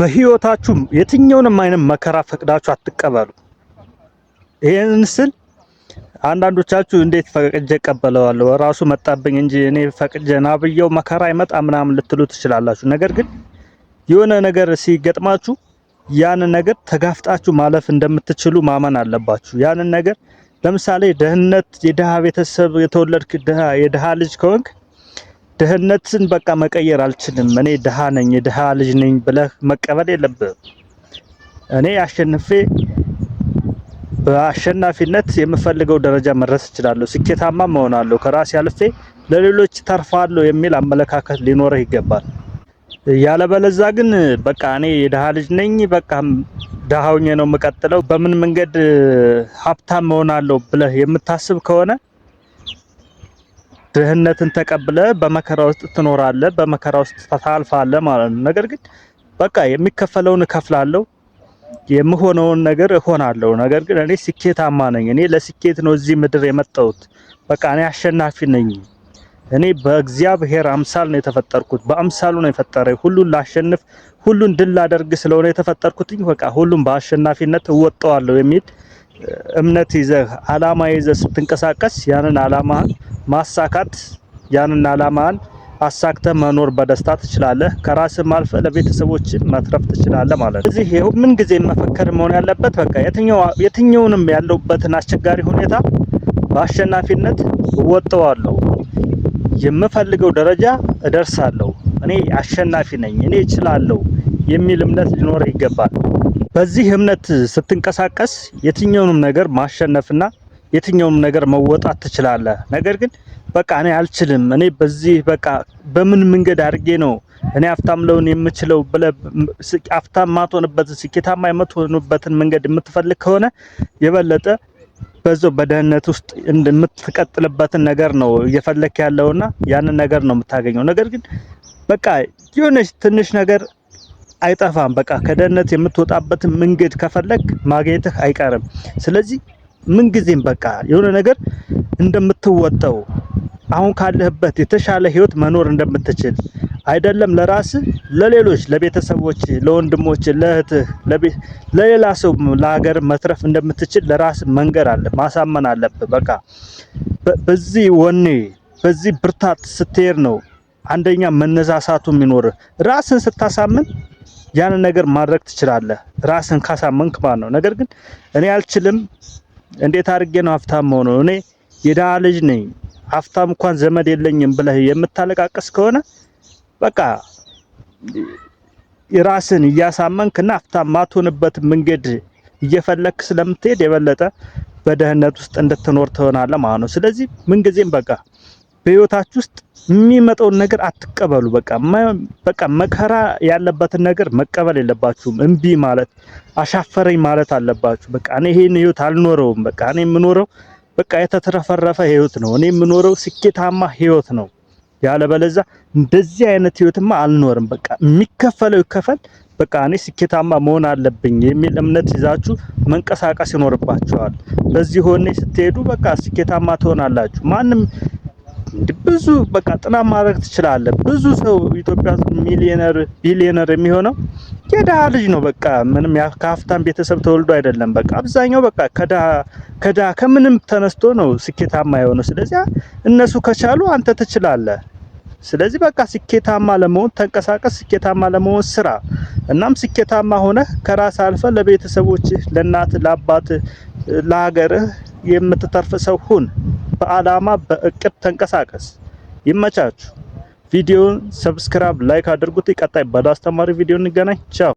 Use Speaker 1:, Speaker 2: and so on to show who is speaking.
Speaker 1: በህይወታችሁ የትኛውንም አይነት መከራ ፈቅዳችሁ አትቀበሉ። ይህን ስል አንዳንዶቻችሁ እንዴት ፈቅጄ እቀበለዋለሁ ራሱ መጣብኝ እንጂ እኔ ፈቅጄ ናብየው መከራ አይመጣ ምናምን ልትሉ ትችላላችሁ። ነገር ግን የሆነ ነገር ሲገጥማችሁ ያንን ነገር ተጋፍጣችሁ ማለፍ እንደምትችሉ ማመን አለባችሁ። ያንን ነገር ለምሳሌ ድህነት፣ የድሃ ቤተሰብ የተወለድክ የድሃ ልጅ ከሆንክ ድህነትን በቃ መቀየር አልችልም፣ እኔ ድሃ ነኝ፣ ድሃ ልጅ ነኝ ብለህ መቀበል የለብህም። እኔ አሸንፌ በአሸናፊነት የምፈልገው ደረጃ መድረስ እችላለሁ፣ ስኬታማ መሆናለሁ፣ ከራሴ አልፌ ለሌሎች ተርፋለሁ የሚል አመለካከት ሊኖረህ ይገባል። ያለበለዛ ግን በቃ እኔ የድሃ ልጅ ነኝ፣ በቃ ድሃ ሆኜ ነው የምቀጥለው፣ በምን መንገድ ሀብታም መሆናለሁ ብለህ የምታስብ ከሆነ ድህነትን ተቀብለ በመከራ ውስጥ ትኖራለ፣ በመከራ ውስጥ ታልፋለ ማለት ነው። ነገር ግን በቃ የሚከፈለውን እከፍላለሁ፣ የምሆነውን ነገር እሆናለሁ። ነገር ግን እኔ ስኬታማ ነኝ፣ እኔ ለስኬት ነው እዚህ ምድር የመጣሁት። በቃ እኔ አሸናፊ ነኝ። እኔ በእግዚአብሔር አምሳል ነው የተፈጠርኩት። በአምሳሉ ነው የፈጠረ ሁሉን ላሸንፍ፣ ሁሉን ድል ላደርግ ስለሆነ የተፈጠርኩትኝ በቃ ሁሉም በአሸናፊነት እወጣዋለሁ የሚል እምነት ይዘህ አላማ ይዘህ ስትንቀሳቀስ ያንን አላማ ማሳካት ያንን አላማን አሳክተ መኖር በደስታ ትችላለህ። ከራስም አልፈ ለቤተሰቦች መትረፍ ትችላለህ ማለት ነው። እዚህ ይኸው ምን ጊዜ መፈከር መሆን ያለበት በቃ የትኛውንም ያለውበትን አስቸጋሪ ሁኔታ በአሸናፊነት እወጠዋለሁ፣ የምፈልገው ደረጃ እደርሳለሁ፣ እኔ አሸናፊ ነኝ፣ እኔ እችላለሁ የሚል እምነት ሊኖር ይገባል። በዚህ እምነት ስትንቀሳቀስ የትኛውንም ነገር ማሸነፍና የትኛውም ነገር መወጣት ትችላለህ። ነገር ግን በቃ እኔ አልችልም፣ እኔ በዚህ በቃ በምን መንገድ አድርጌ ነው እኔ ሀብታም ለውን የምችለው ብለህ ሀብታም ማትሆንበትን ስኬታማ የምትሆንበትን መንገድ የምትፈልግ ከሆነ የበለጠ በዛው በደህንነት ውስጥ እንደምትቀጥልበትን ነገር ነው እየፈለክ ያለውና ያንን ነገር ነው የምታገኘው። ነገር ግን በቃ የሆነች ትንሽ ነገር አይጠፋም። በቃ ከደህንነት የምትወጣበትን መንገድ ከፈለግ ማግኘትህ አይቀርም። ስለዚህ ምንጊዜም በቃ የሆነ ነገር እንደምትወጠው አሁን ካለህበት የተሻለ ህይወት መኖር እንደምትችል አይደለም ለራስ ለሌሎች ለቤተሰቦች፣ ለወንድሞች፣ ለእህትህ፣ ለሌላ ሰው፣ ለሀገር መትረፍ እንደምትችል ለራስ መንገር አለ ማሳመን አለብህ። በቃ በዚህ ወኔ በዚህ ብርታት ስትሄድ ነው አንደኛ መነሳሳቱ የሚኖርህ። ራስን ስታሳምን ያንን ነገር ማድረግ ትችላለህ። ራስን ካሳመንክ ማለት ነው። ነገር ግን እኔ አልችልም እንዴት አድርጌ ነው ሀብታም ሆኖ እኔ የድሃ ልጅ ነኝ ሀብታም እንኳን ዘመድ የለኝም ብለህ የምታለቃቀስ ከሆነ በቃ ራስን እያሳመንክና ሀብታም ማትሆንበት መንገድ እየፈለክ ስለምትሄድ የበለጠ በደህንነት ውስጥ እንድትኖር ትሆናለህ ማለት ነው። ስለዚህ ምንጊዜም በቃ በህይወታችሁ ውስጥ የሚመጣውን ነገር አትቀበሉ። በቃ በቃ መከራ ያለበትን ነገር መቀበል የለባችሁም። እምቢ ማለት አሻፈረኝ ማለት አለባችሁ። በቃ እኔ ይሄን ህይወት አልኖረውም። በቃ እኔ የምኖረው በቃ የተትረፈረፈ ህይወት ነው። እኔ የምኖረው ስኬታማ ህይወት ነው። ያለበለዛ እንደዚህ አይነት ህይወትማ አልኖርም። በቃ የሚከፈለው ይከፈል። በቃ እኔ ስኬታማ መሆን አለብኝ የሚል እምነት ይዛችሁ መንቀሳቀስ ይኖርባችኋል። በዚህ ሆኔ ስትሄዱ በቃ ስኬታማ ትሆናላችሁ። ማንም ብዙ በቃ ጥናት ማድረግ ትችላለህ። ብዙ ሰው ኢትዮጵያ ሚሊዮነር ቢሊዮነር የሚሆነው የድሃ ልጅ ነው። በቃ ምንም ከሀብታም ቤተሰብ ተወልዶ አይደለም። በቃ አብዛኛው በቃ ከድሃ ከምንም ተነስቶ ነው ስኬታማ የሆነው። ስለዚህ እነሱ ከቻሉ አንተ ትችላለህ። ስለዚህ በቃ ስኬታማ ለመሆን ተንቀሳቀስ፣ ስኬታማ ለመሆን ስራ። እናም ስኬታማ ሆነህ ከራስ አልፈ ለቤተሰቦች ለእናት፣ ለአባት፣ ለሀገርህ የምትተርፍ ሰው ሁን። በዓላማ በእቅድ ተንቀሳቀስ። ይመቻችሁ። ቪዲዮውን ሰብስክራይብ፣ ላይክ አድርጉት። ቀጣይ ባለ ቪዲዮ እንገናኝ። ቻው